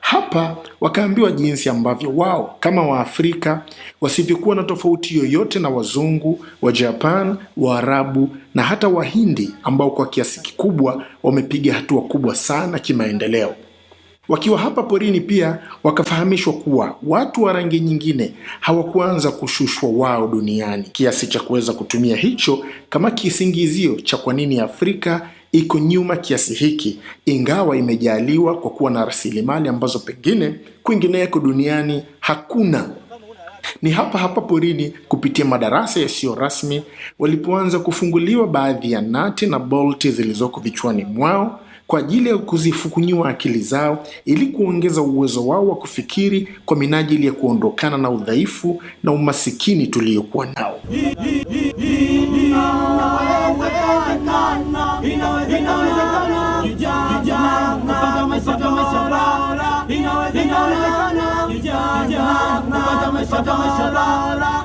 Hapa wakaambiwa jinsi ambavyo wao kama Waafrika wasivyokuwa na tofauti yoyote na Wazungu wa Japan, Waarabu na hata Wahindi ambao kwa kiasi kikubwa wamepiga hatua kubwa sana kimaendeleo. Wakiwa hapa porini pia wakafahamishwa kuwa watu wa rangi nyingine hawakuanza kushushwa wao duniani kiasi cha kuweza kutumia hicho kama kisingizio cha kwa nini Afrika iko nyuma kiasi hiki, ingawa imejaliwa kwa kuwa na rasilimali ambazo pengine kwingineko duniani hakuna. Ni hapa hapa porini, kupitia madarasa yasiyo rasmi, walipoanza kufunguliwa baadhi ya nati na bolti zilizoko vichwani mwao kwa ajili ya kuzifukunyiwa akili zao ili kuongeza uwezo wao wa kufikiri kwa minajili ya kuondokana na udhaifu na umasikini tuliokuwa nao.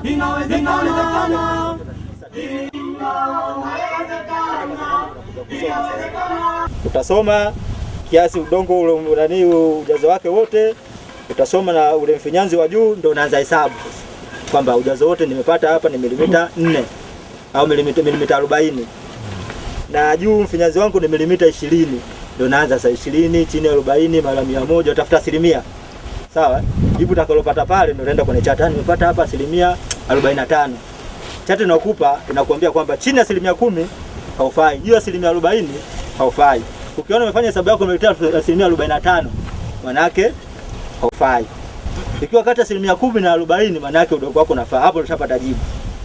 inawezekana, utasoma kiasi udongo ule nani ujazo wake wote utasoma, na ule mfinyanzi wa juu ndio unaanza hesabu kwamba ujazo wote nimepata hapa ni milimita 4 au milimita 40 na juu mfinyanzi wangu ni milimita 20 ndio naanza saa 20 chini ya 40 mara 100 utafuta asilimia sawa. Jibu utakalopata pale ndio unaenda kwenye chata. Nimepata hapa asilimia 45. Chata inakupa inakuambia kwamba chini ya asilimia kumi haufai, juu ya asilimia 40 haufai. Ukiona umefanya hesabu yako umeleta asilimia 45, manake haufai. Ikiwa kati ya asilimia kumi na 40, manake udogo wako unafaa. Hapo utapata jibu.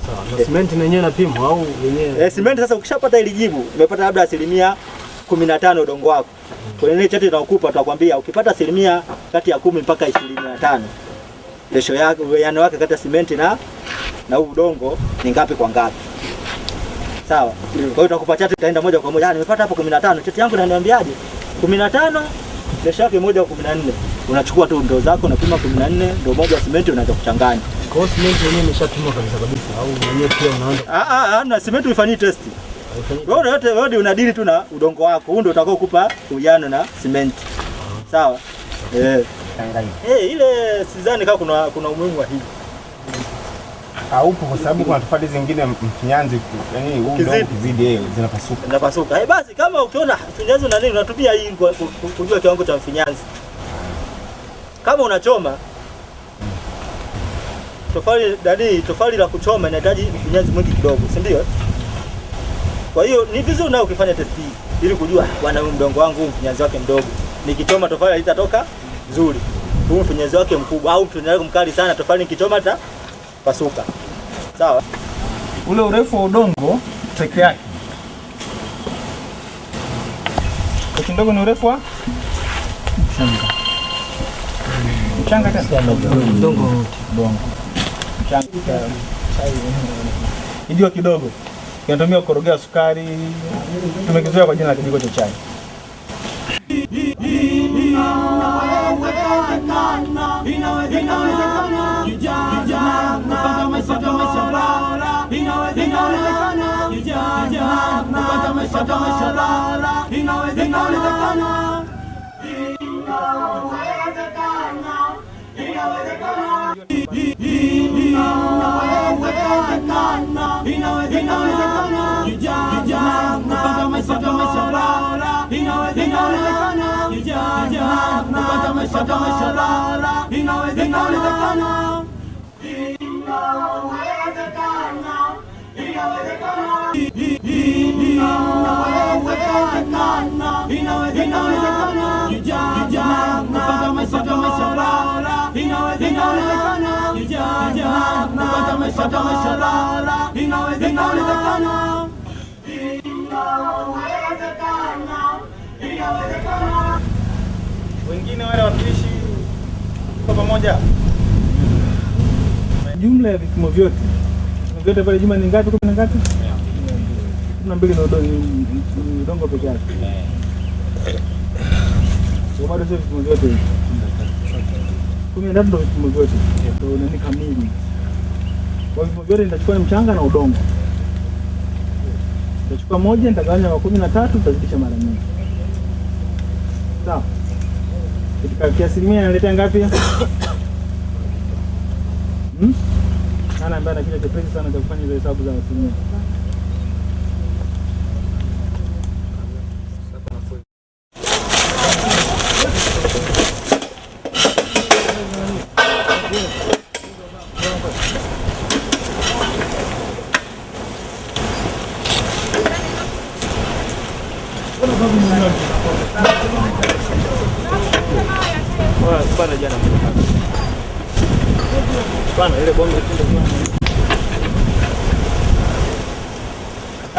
Sawa. Na simenti yenyewe inapimwa au yenyewe? Eh, simenti sasa ukishapata ile jibu, umepata labda asilimia kumi na tano dongo wako kwenye ile chati tunakupa, tutakwambia ukipata asilimia kati ya kumi mpaka ishirini na tano resho yake uwiano wake kati ya simenti na na udongo ni ngapi kwa ngapi, sawa? Kwa hiyo tutakupa chati, utaenda moja kwa moja, ah, nimepata hapo 15 chati yangu inaniambiaje? 15 resho yake moja kwa 14 unachukua tu ndoo zako na unapima 14 ndoo moja ya simenti unaanza kuchanganya. Kwa hiyo simenti yenyewe imeshapimwa kabisa kabisa, au mwenyewe pia unaanza? Ah ah, ah na simenti ufanyii testi Rodi yote road unadili tu na udongo wako. Huu ndio utakao kupa ujano na simenti. Sawa? Eh. Eh, ile sidhani kama kuna kuna umuhimu wa hivi. Haupo kwa sababu kuna tofali zingine mfinyanzi yani huu ndio kizidi yeye zinapasuka. Zinapasuka. Eh, basi kama ukiona mfinyanzi na nini unatumia hii kujua kiwango cha mfinyanzi. Kama unachoma tofali dadi tofali la kuchoma inahitaji mfinyanzi mwingi kidogo, si ndio? Kwa hiyo ni vizuri nao ukifanya test hii ili kujua wana mdongo wangu mfinyanzi wake mdogo, nikichoma tofali litatoka nzuri, huu mfinyanzi wake mkubwa au mfinyanzi wake mkali sana, tofali nikichoma hata pasuka. Sawa, ule urefu wa udongo peke yake kidogo ni urefu wa mchanga mchanga, ndio kidogo kinatumia kukorogea sukari, tumekizoea kwa jina la kijiko cha chai. Inawezekana. inawezekana, inawezekana, vijana kupata maisha bora, inawezekana, vijana kupata maisha bora, inawezekana, inawezekana, inawezekana, vijana kupata maisha bora maisha bora, inawezekana. Wengine wale watuishi kwa pamoja, jumla ya vipimo vyote vyote pale jumla ni ngapi? Kumi na ngapi? kumi na mbili ni udongo peke yake, bado sio vipimo vyote. Kumi na tatu ndio vipimo vyote nani kamili kwa hivyo vyote nitachukua ni mchanga na udongo. Nitachukua moja, nitagawanya kwa kumi na tatu, nitazidisha mara nyingi. Sawa. Katika kiasilimia inaleta ngapi? Hmm? Nani ambaye ana kile chepesi sana cha kufanya hizo hesabu za asilimia?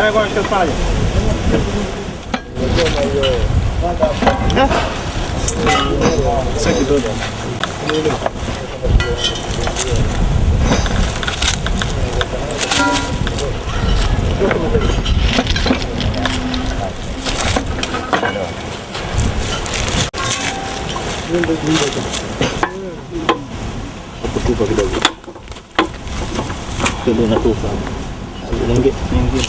É agora que eu falho. Isso aqui tudo. Aku tumpah ke dalam. Tolong aku faham. Ringgit. Ringgit.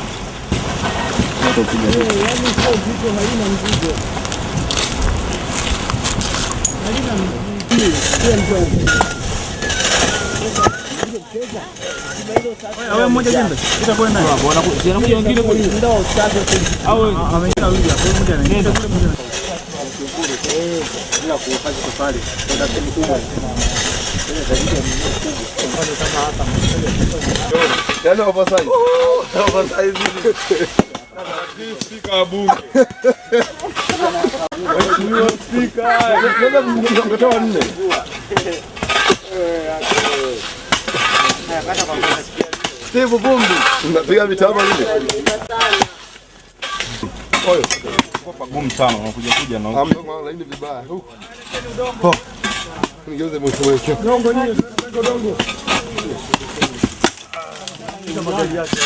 moto kubwa. Yaani wapasai. Wapasai. Spika wa Bunge, Mheshimiwa Spika, naweza kuzungumza mkataba wa nne Steve Vumbi, unapiga mitano lini? Oyo pagumu sana, unakuja kuja na huko laini vibaya huko. Nigeuze mwisho mwisho. Dongo nini? Dongo dongo. Kama gari yake.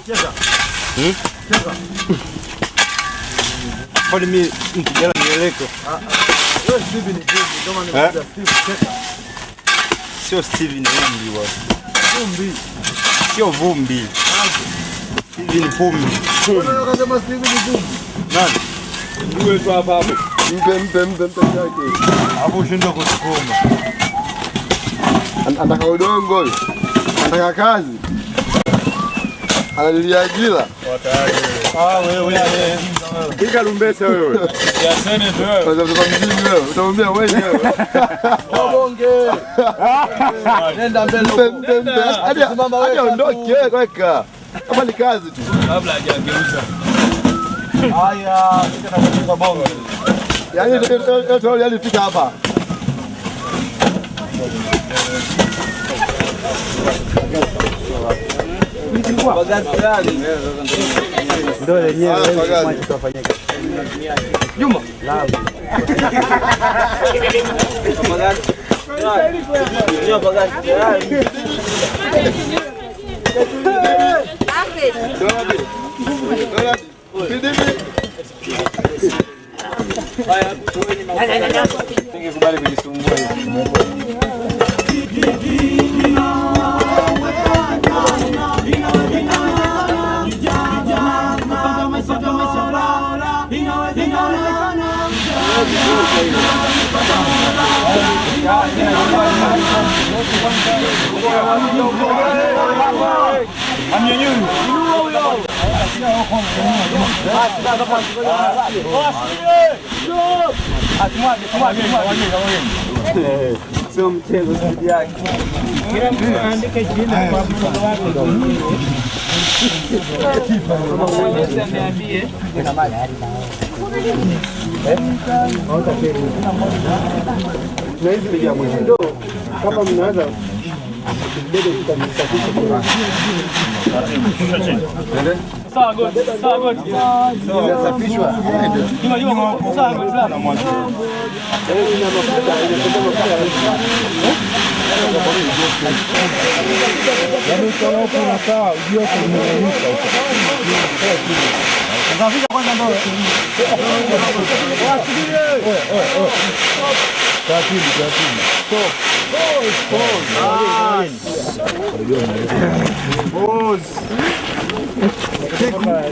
quebrar. um Quebrar. Pode me entender a meleca? Ah, ah. Eu estive no vídeo, deu uma negócio assim, Se eu estive no umbi, ó. Umbi. Se eu vou umbi. Hivi ni pumbi. Pumbi. Unasema sasa hivi ni pumbi. Nani? Wewe tu hapa hapo. Mpe mpe mpe mpe yake. Hapo ushindwa kusukuma. Anataka udongo. Anataka kazi. ananiajira piga lumbesa wewe, utamwambia kama ni kazi tu, yaani, hapa ndio lenyewe tutafanyika. Juma ingekubali kujisumbua Ăn nhiều như Sio mchezo, sio yake. Kila mtu aandike jina kwa mtoto wake. na hizi ligamwezi ndoo kama mnaweza Sawa. Yametolewa kunakaa ujio kumeanika Sasa kwanza ndio. Taratibu, taratibu. Stop. Pause, pause. Pause. kupima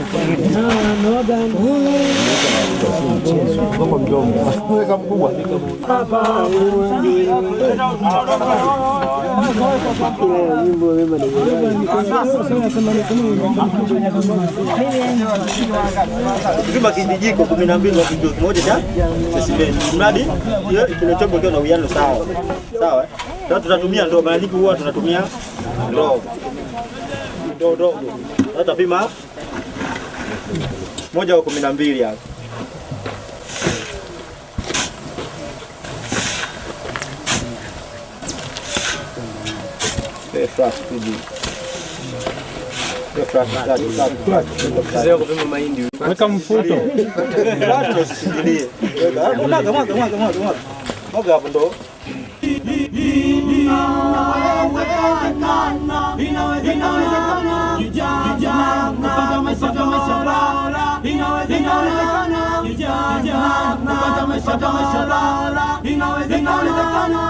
kijiko kumi na mbili na kijiko kimoja cha sesimeni, mradi kinachombo kiwa na uwiano sawa sawa. Eh? Sasa tutatumia ndoo, mara nyingi huwa tunatumia ndoo ndoo ndogo, tutapima moja wa kumi na mbili hapa. Weka mfuto. inawezekana, inawezekana, inawezekana,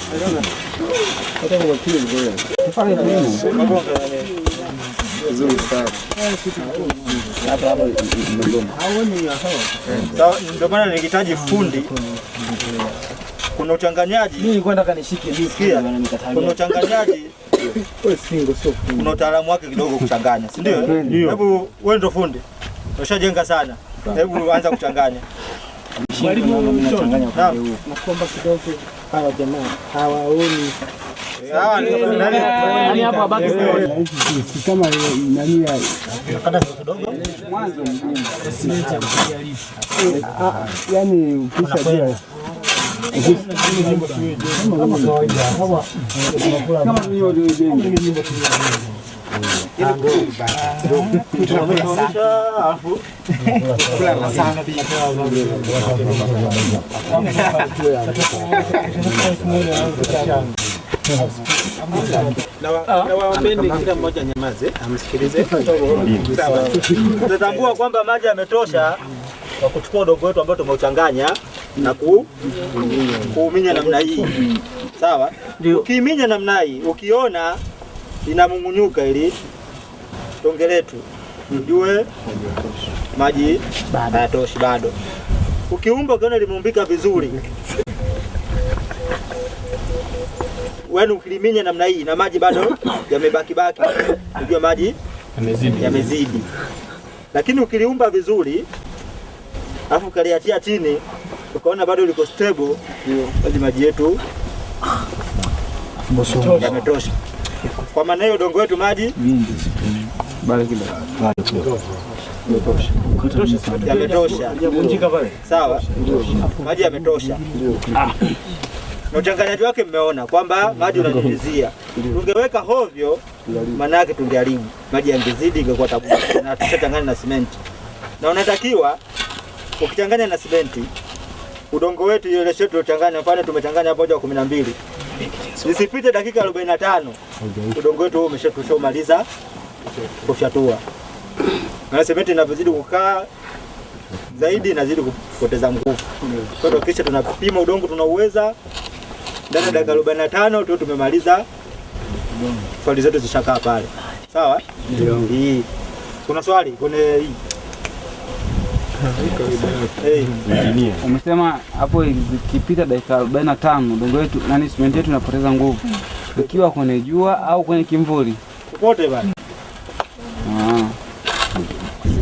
Ndio maana nikihitaji fundi. Kuna uchanganyaji, kuna uchanganyaji, kuna utaalamu wake kidogo kuchanganya, si ndio? Hebu wewe ndio fundi, ushajenga sana, hebu anza kuchanganya. Mwalimu, changanya kidogo hawa jamaa hawaoni yaani yaani kama nani yani ah, ah, ukisha bia kama kawaida na kila mmoja nyamaze, amsikilize. tutatambua kwamba maji yametosha kwa kuchukua udongo wetu ambao tumeuchanganya na kuuminya namna hii. Sawa, ukiiminya namna hii, ukiona inamung'unyuka ili donge letu ujue maji hayatoshi bado. Ukiumba ukiona limeumbika vizuri wenu, ukiliminya namna hii na maji bado yamebakibaki, ujue maji yamezidi, Lakini ukiliumba vizuri alafu ukaliatia chini ukaona bado liko stable, basi maji yetu yametosha. Kwa maana hiyo dongo wetu maji Yametosha. Sawa, maji yametosha na uchanganyaji wake mmeona kwamba maji unanyunyizia. Tungeweka hovyo, maana yake tungeharibu, maji yangezidi, ingekuwa tabu. Na tushachanganya na simenti, na unatakiwa ukichanganya na simenti udongo wetu ile shetu mfano tumechanganya hapo moja kumi na mbili, isipite dakika arobaini na tano udongo wetu umeshatushomaliza kufyatua. Na sementi inavyozidi kukaa zaidi inazidi kupoteza nguvu. Kwa hiyo kisha tunapima udongo tunauweza ndani ya dakika arobaini na tano tu tumemaliza swali zetu zishakaa pale. Sawa? Ndio. Kuna swali kwenye hii. Hey. Umesema hapo ikipita dakika arobaini na tano udongo wetu nani simenti yetu inapoteza nguvu, ikiwa kwenye jua au kwenye kimvuli, popote bana.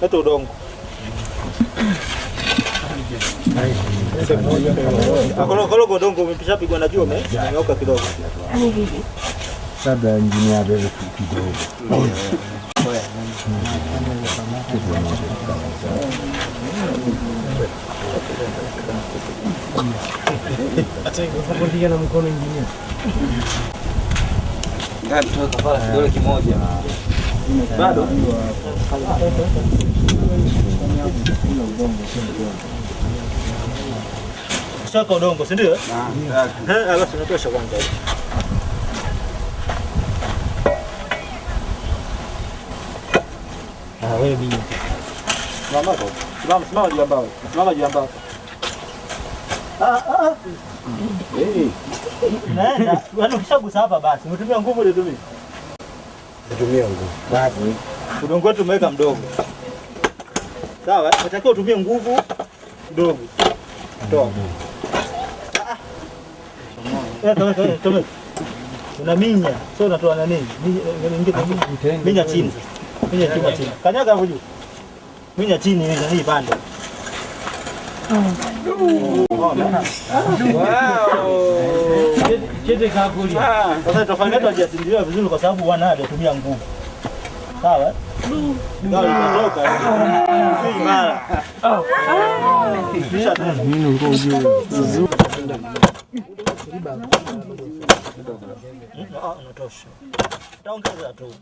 hata yaani, udongo akolokologo udongo umeshapigwa na jua umenyooka kidogo, na mkono injini kimoja bado shaka udongo, si ndio? Ah. Eh, alafu natosha kwanza ah, Simama juu ya mbao, simama juu ya mbao. Ah, yaani ukishagusa hapa basi, umetumia nguvu, ulitumia Utumie nguvu. Udongo wetu umeweka mdogo, sawa, unatakiwa utumie nguvu kidogo. Ah, ah. Toa. Unaminya, sio unatoa eh, Minya chini, minya chini, kanyaga hapo juu, minya chini pande oh. Chete kakulia. Ah. Sasa tu yetu hajasindilia vizuri kwa sababu wana hajatumia nguvu. Sawa? Taongeza tu.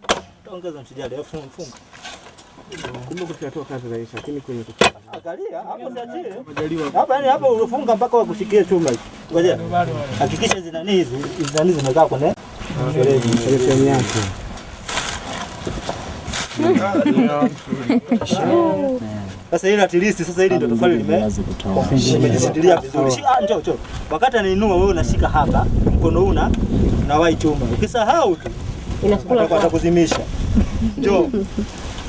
Taongeza msijali. Funga. Kumbe kushatoa kazi rahisi, lakini kwenye angalia hapo yani hapo ulifunga mpaka wakushikie chuma hicho. Ngoja hakikisha zina hizi zina nini zimekaa kwenye sehemu yake. Sasa ile at least sasa hili ndio tofali limejisitilia vizuri. Ah, njoo njoo. Wakati anainua wewe unashika hapa, mkono una na wai chuma. Ukisahau tu inakula atakuzimisha. Njoo.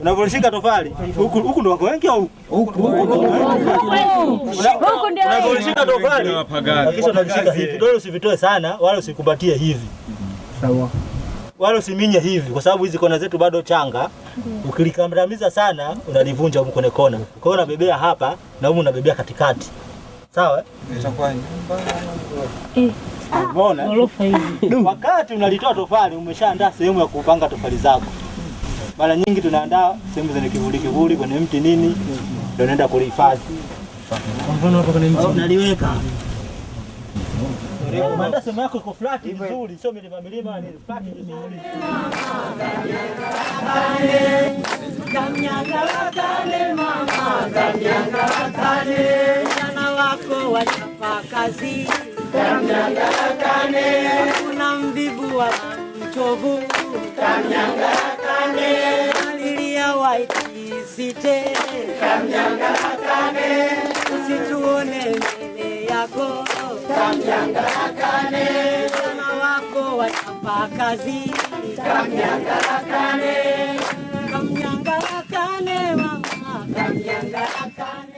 Unavyoshika tofali huku ndo wako wengi au huku? Unavyoshika tofali kisha unashika hivi, vidole usivitoe sana, wala usikumbatie hivi, wala usiminye hivi, kwa sababu hizi kona zetu bado changa. Ukilikandamiza sana, unalivunja huko kwenye kona. Kwa hiyo unabebea hapa na huko unabebea katikati, sawa. Eh. Umeona? Wakati unalitoa tofali umeshaandaa sehemu ya kupanga tofali zako. Mara nyingi tunaandaa sehemu zenye kivuli kivuli kwenye mti nini ndio naenda kulihifadhi. Kwa mfano hapo kwenye mti unaliweka. Umeandaa sehemu yako iko flat vizuri, sio milima milima, ni flat vizuri. Kanyagalakane mama, kanyagalakane, jana wako wachapa kazi Tamnyangarakane, kuna mvivu wa mchovu. Tamnyangarakane, alilia waikisite. Tamnyangarakane, usituone mbele yako. Tamnyangarakane, wana wako wachapa kazi. Tamnyangarakane, tamnyangarakane mama, tamnyangarakane